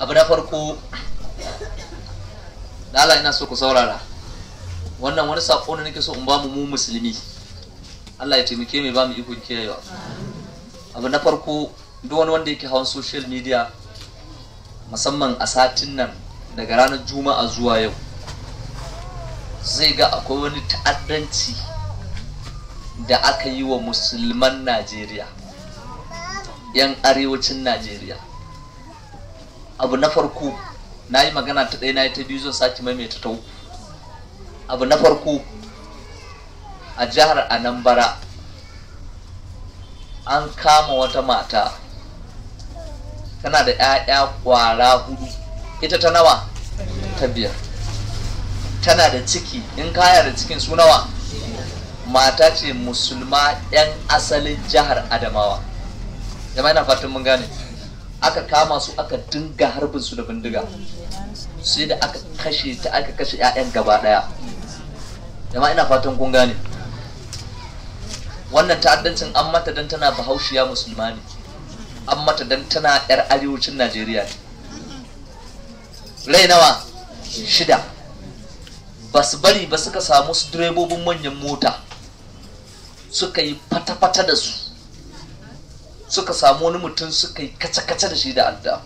abu na farko Allah ina so ku saurara wannan wani sako ne nake so in ba mu mu musulmi Allah ya taimake mu ba mu iko kiyayewa abu na farko duk wani wanda yake hawan social media musamman a satin nan daga ranar juma'a zuwa yau zai ga akwai wani ta'addanci da aka yi wa musulman najeriya 'yan arewacin najeriya abu na farko na yi magana ta ɗaya na yi ta biyu zan sake maimaita ta uku abu na farko a jihar anambra an kama wata mata tana da 'ya'ya kwara hudu ita ta nawa ta biyar tana da ciki in kaya da cikin su nawa mata ce musulma 'yan asalin jihar adamawa jama'a na fatan mun gane aka kama su aka dinga harbin su da bindiga sai da aka kashe ta aka kashe 'ya'yan gaba daya amma ina fatan kun gane wannan ta'addancin an mata dan tana bahaushiya musulma ne an mata dan tana yar arewacin najeriya ne rai nawa shida ba bari ba suka samu su direbobin manyan mota suka yi fata-fata da su suka samu wani mutum suka yi kace-kace da shi da adda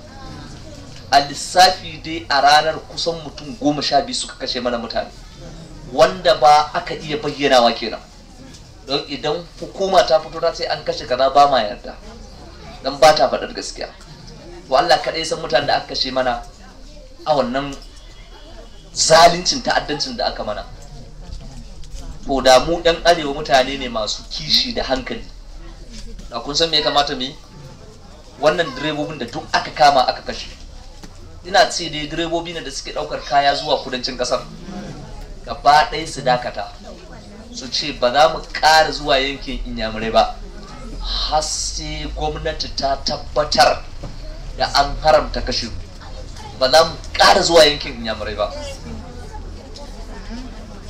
a lissafi dai a ranar kusan mutum goma sha biyu suka kashe mana mutane wanda ba aka iya bayyanawa kenan don idan hukuma ta fito ta ce an kashe kaza ba ma yarda don ba ta faɗar gaskiya to Allah kaɗai san mutane da aka kashe mana a wannan zalincin ta'addancin da aka mana to da mu ɗan arewa mutane ne masu kishi da hankali da kun san me ya kamata mu yi wannan direbobin da duk aka kama aka kashe ina ce dai direbobi ne da suke daukar kaya zuwa kudancin kasar gaba ɗaya su dakata su ce ba za mu ƙara zuwa yankin inyamurai ba har sai gwamnati ta tabbatar da an haramta kashe ba za mu ƙara zuwa yankin inyamurai ba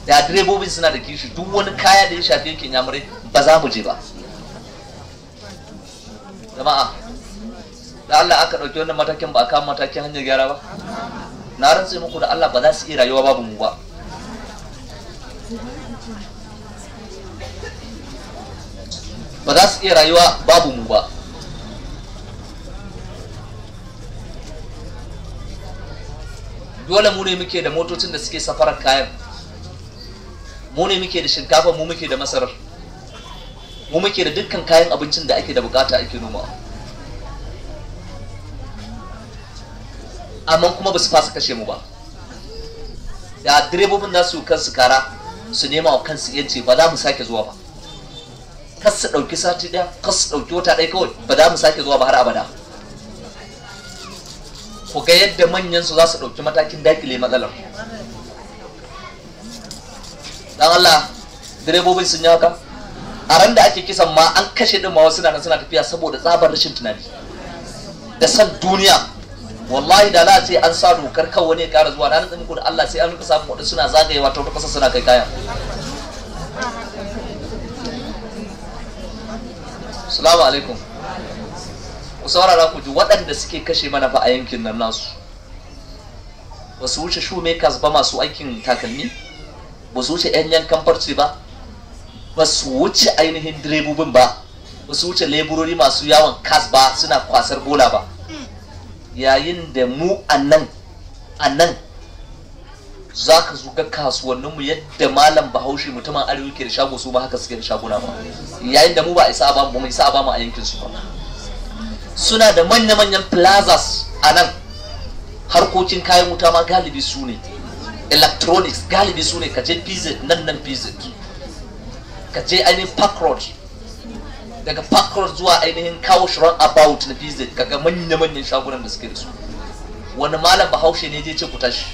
da direbobin suna da kishi duk wani kaya da ya shafi yankin inyamurai ba za mu je ba jama'a da Allah aka ɗauki wannan matakin ba a kama matakin hanyar gyara ba na rantse muku da Allah ba za su iya rayuwa babu mu ba ba za su iya rayuwa babu mu ba dole mu ne muke da motocin da suke safarar kayan mu ne muke da shinkafa mu muke da masarar mu muke da dukkan kayan abincin da ake da bukata ake noma amma kuma ba su fasa kashe mu ba da direbobin nasu kansu kara su nema wa kansu yanci ba za mu sake zuwa ba kas su ɗauki sati ɗaya kas su ɗauki wata ɗaya kawai ba za mu sake zuwa ba har abada ku ga yadda manyan su za su ɗauki matakin dakile matsalar dan Allah direbobin sun yi haka a ran da ake kisan ma an kashe din ma wasu na suna tafiya saboda tsabar rashin tunani da san duniya wallahi da la sai an sa dokar kan wani ya kara zuwa ranar nutsi ku da Allah sai an rika samu wadda suna zagayewa ta wata suna kai kaya salamu alaikum ku saurara ku ji waɗanda suke kashe mana fa a yankin nan nasu ba su wuce shoemakers ba masu aikin takalmi ba su wuce 'yan yankan farce ba ba su wuce ainihin direbobin ba ba su wuce leburori masu yawon kas ba suna kwasar bola ba yayin da mu annan annan za ka ga kasuwanninmu yadda malam bahaushe mutumin arewa ke da shago su ma haka suke da shaguna ba yayin da mu ba isa ba mu isa ba mu a yankin su ba suna da manya-manyan plazas a nan harkokin kayan wuta ma galibi su ne electronics galibi su ne je pz nan nan pz ka je ainihin park road daga park road zuwa ainihin kawo shirin about na visit ga manya-manyan shagunan da suke da su wani malam bahaushe ne je ce ku tashi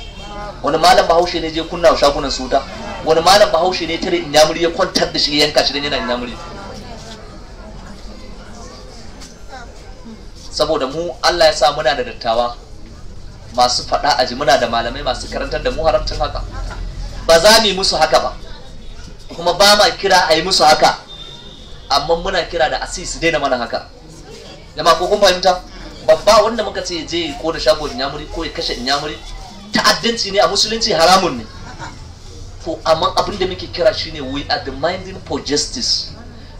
wani malam bahaushe ne je kunna shagunan su wuta wani malam bahaushe ne tare yamuri ya kwantar da shi ya yanka shi dan yana inyamuri saboda mu Allah ya sa muna da dattawa masu faɗa aji muna da malamai masu karantar da mu haramcin haka ba za mu yi musu haka ba kuma ba ma kira a yi musu haka amma muna kira da asisi daina mana haka jama ko kun fahimta babba wanda muka ce je ko da shago inyamuri ko ya kashe inyamuri ta'addanci ne a musulunci haramun ne to amma abin da muke kira shine we are demanding for justice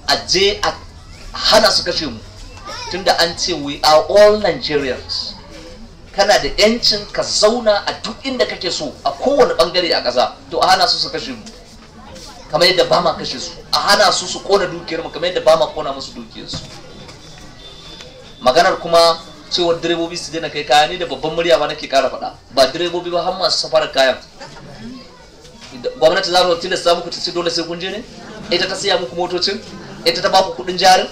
a je a hana su kashe mu tunda an ce we are all Nigerians kana da yancin ka zauna a duk inda kake so a kowane bangare a kasa. to a hana su su kashe mu kamar yadda ba ma kashe su a hana su su kona dukiyar mu kamar yadda ba ma kona musu dukiyar su maganar kuma cewar direbobi su daina kai kaya ni da babban murya ba nake kara faɗa ba direbobi ba har masu safarar kayan gwamnati za ta tilasta muku ta ce dole sai kun je ne ita ta siya muku motocin ita ta baku kuɗin jarin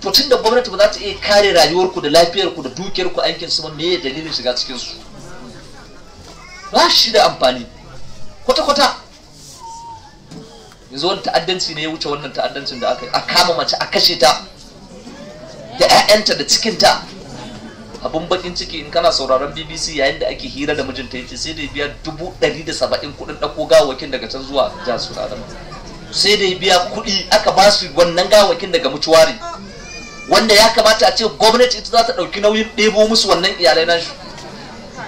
to tun da gwamnati ba za ta iya kare rayuwarku da lafiyarku da dukiyarku aikin su ba me ya dalilin shiga cikin su ba shi da amfani kwata-kwata yanzu wani ta'addanci ne ya wuce wannan ta'addancin da aka yi a kama mace a kashe ta da 'ya'yanta da cikinta abun bakin ciki in kana sauraron bbc yayin da ake hira da mijinta ya ce sai da biya dubu ɗari da saba'in kuɗin ɗauko gawakin daga can zuwa jihar sudan sai da biya kuɗi aka ba su wannan gawakin daga mucuwari wanda ya kamata a ce gwamnati ita za ta ɗauki nauyin ɗebo musu wannan iyalai na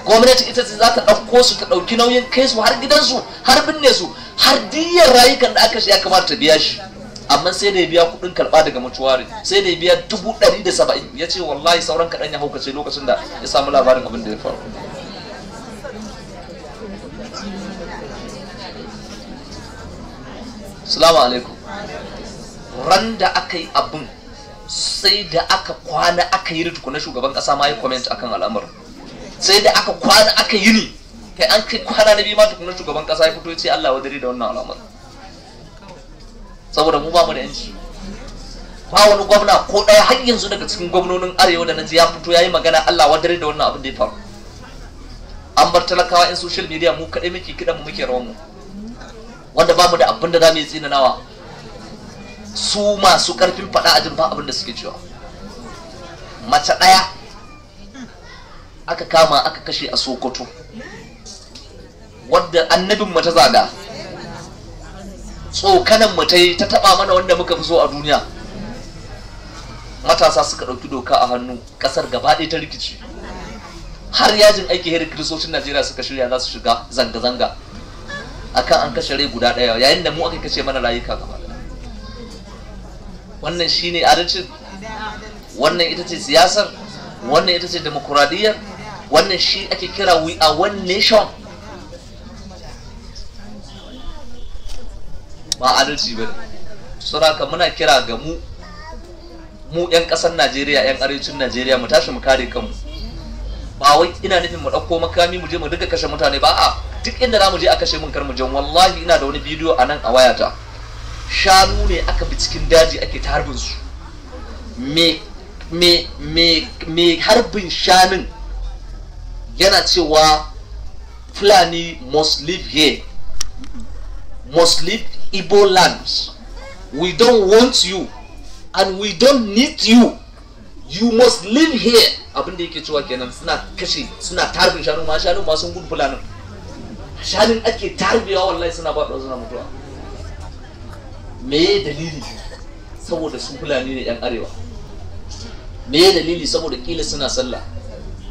gwamnati ita ce za ta ɗauko su ta ɗauki nauyin kai su har gidansu har binne su har diyyar rayukan da aka shi ya kamata ta biya shi amma sai da ya biya kudin karba daga mutuwari sai da ya biya dubu ɗari da saba'in ya ce wallahi sauran kaɗan ya haukace lokacin da ya samu labarin abin da ya faru salamu alaikum ran da aka yi abin sai da aka kwana aka yi rituku na shugaban kasa ma yi comment akan al'amarin sai da aka kwana aka yi ni kai an kai kwana na biyu ma tukunan shugaban kasa ya fito ya ce Allah wa dare da wannan al'amar saboda mu ba mu da yanci ba wani gwamna ko ɗaya har yanzu daga cikin gwamnonin arewa da na ji ya fito ya yi magana Allah wa dare da wannan abin da ya faru an bar talakawa in social media mu kaɗai muke kiɗan mu muke rawan mu wanda ba mu da abin da za mu yi tsinanawa su masu ƙarfin faɗa a jin ba abin da suke cewa mace ɗaya aka kama aka kashe a sokoto wadda annabin mu ta zaga tsokanan mu ta yi ta taba mana wanda muka fi so a duniya matasa suka ɗauki doka a hannu ƙasar gaba ɗaya ta rikici har yajin aiki heri kiristocin najeriya suka shirya za su shiga zanga-zanga akan an kashe rai guda ɗaya yayin da mu aka kashe mana rayuka gaba wannan ne adalcin wannan ita ce siyasar wannan ita ce demokuraɗiyyar wannan shi ake kira we are one nation ba adalci ba ne haka muna kira ga mu mu 'yan ƙasar najeriya 'yan arewacin najeriya mu tashi mu kare kanmu ba wai ina nufin mu ɗauko makami mu je mu duka kashe mutane ba a duk inda za mu je a kashe mun kar mu je wallahi ina da wani bidiyo a nan a wayata shanu ne aka bi cikin daji ake ta harbin su me me me me harbin shanun yana cewa fulani must live here must live Igbo land. We don't want you and we don't need you. You must live here. Abin da yake cewa kenan suna kashe suna tarbin shanu ma shanu ma sun gudu fulanin. Shanun ake tarbiyawa wallahi suna ba da suna mutuwa. Me dalili? Saboda su fulani ne yan arewa. Me dalili saboda kila suna sallah.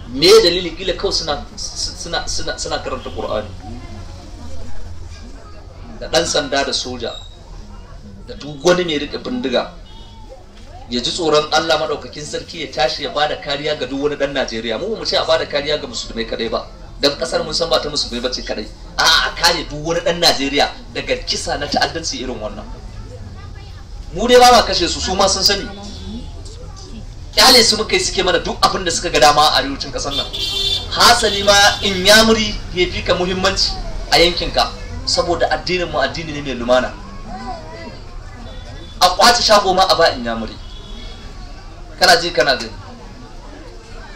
Me dalili kila kawai suna suna suna karanta Qur'ani. da ɗan sanda da soja da duk wani mai riƙe bindiga ya ji tsoron Allah maɗaukakin sarki ya tashi ya bada kariya ga duk wani ɗan Najeriya mu mu ce a bada kariya ga musulmai kadai ba dan kasar mun san ba ta musulmai bace kadai a a kare duk wani ɗan Najeriya daga kisa na ta'addanci irin wannan mu dai ba ma kashe su su ma sun sani kyale su muka yi suke mana duk abin da suka ga dama a arewacin kasar nan hasali ma in yamuri ya fika muhimmanci a yankinka saboda addinin mu addini ne mai lumana a kwace shago ma a ba'in in yamuri kana ji kana gani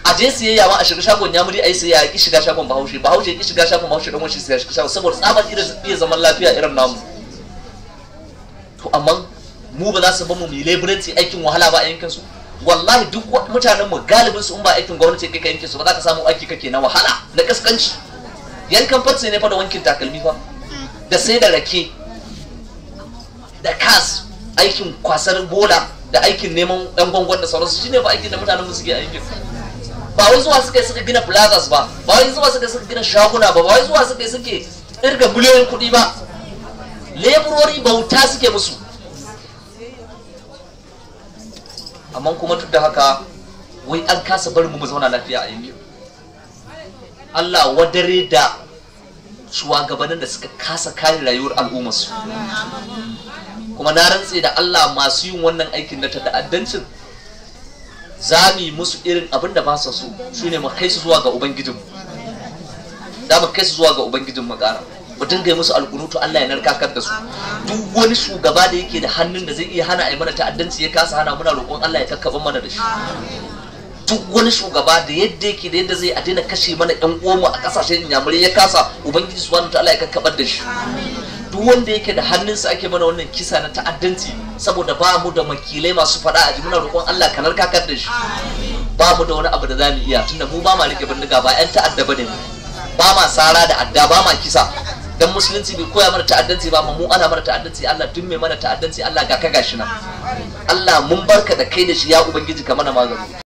a je siyayya ma a shiga shagon yamuri a yi siyayya ya ki shiga shagon bahaushe bahaushe ya ki shiga shagon bahaushe don wani shiga shagon saboda tsabar irin iya zaman lafiya irin namu to amma mu ba za su bamu mu leburanci aikin wahala ba a yankin su wallahi duk mutanen mu galibin su in ba aikin gwamnati kai ka yankin su ba za ka samu aiki kake na wahala na kaskanci yankan fatsi ne fa da wankin takalmi fa da sai da rake da kas aikin kwasar boda, da aikin neman dan gwangwan da sauransu shine ba aikin da mutanen mu suke aikin ba wai zuwa suka suka gina plazas ba ba wai zuwa suka suka gina shaguna ba ba wai zuwa suka suke irga biliyoyin kuɗi ba leburori bauta suke musu amma kuma duk da haka wai an kasa barin mu zauna lafiya a yanzu Allah wadare da shugabannin da suka kasa kare rayuwar al'ummarsu kuma na rantse da Allah masu yin wannan aikin na ta'addancin za mu yi musu irin abin da ba sa so shine mu kai su zuwa ga ubangijin da mu kai su zuwa ga ubangijin mu ƙara mu dinga musu alkunutu Allah ya narkakar da su duk wani shugaba da yake da hannun da zai iya hana a mana ta'addanci ya kasa hana muna roƙon Allah ya kakkaba mana da shi duk wani shugaba da yadda yake da yadda zai a daina kashe mana yan uwanmu a kasashen inyamurai ya kasa ubangiji su wani ta'ala ya kakkabar da shi duk wanda yake da hannunsa ake mana wannan kisa na ta'addanci saboda ba mu da makilai masu fada a muna roƙon Allah kanar kakar da shi ba mu da wani abu da za mu iya tunda mu ba ma rike bindiga ba yan ta'adda ba mu ba ma sara da adda ba ma kisa dan musulunci bai koya mana ta'addanci ba mu ana mana ta'addanci Allah tun mai mana ta'addanci Allah ga ka gashi nan Allah mun barka da kai da shi ya ubangiji ka mana magani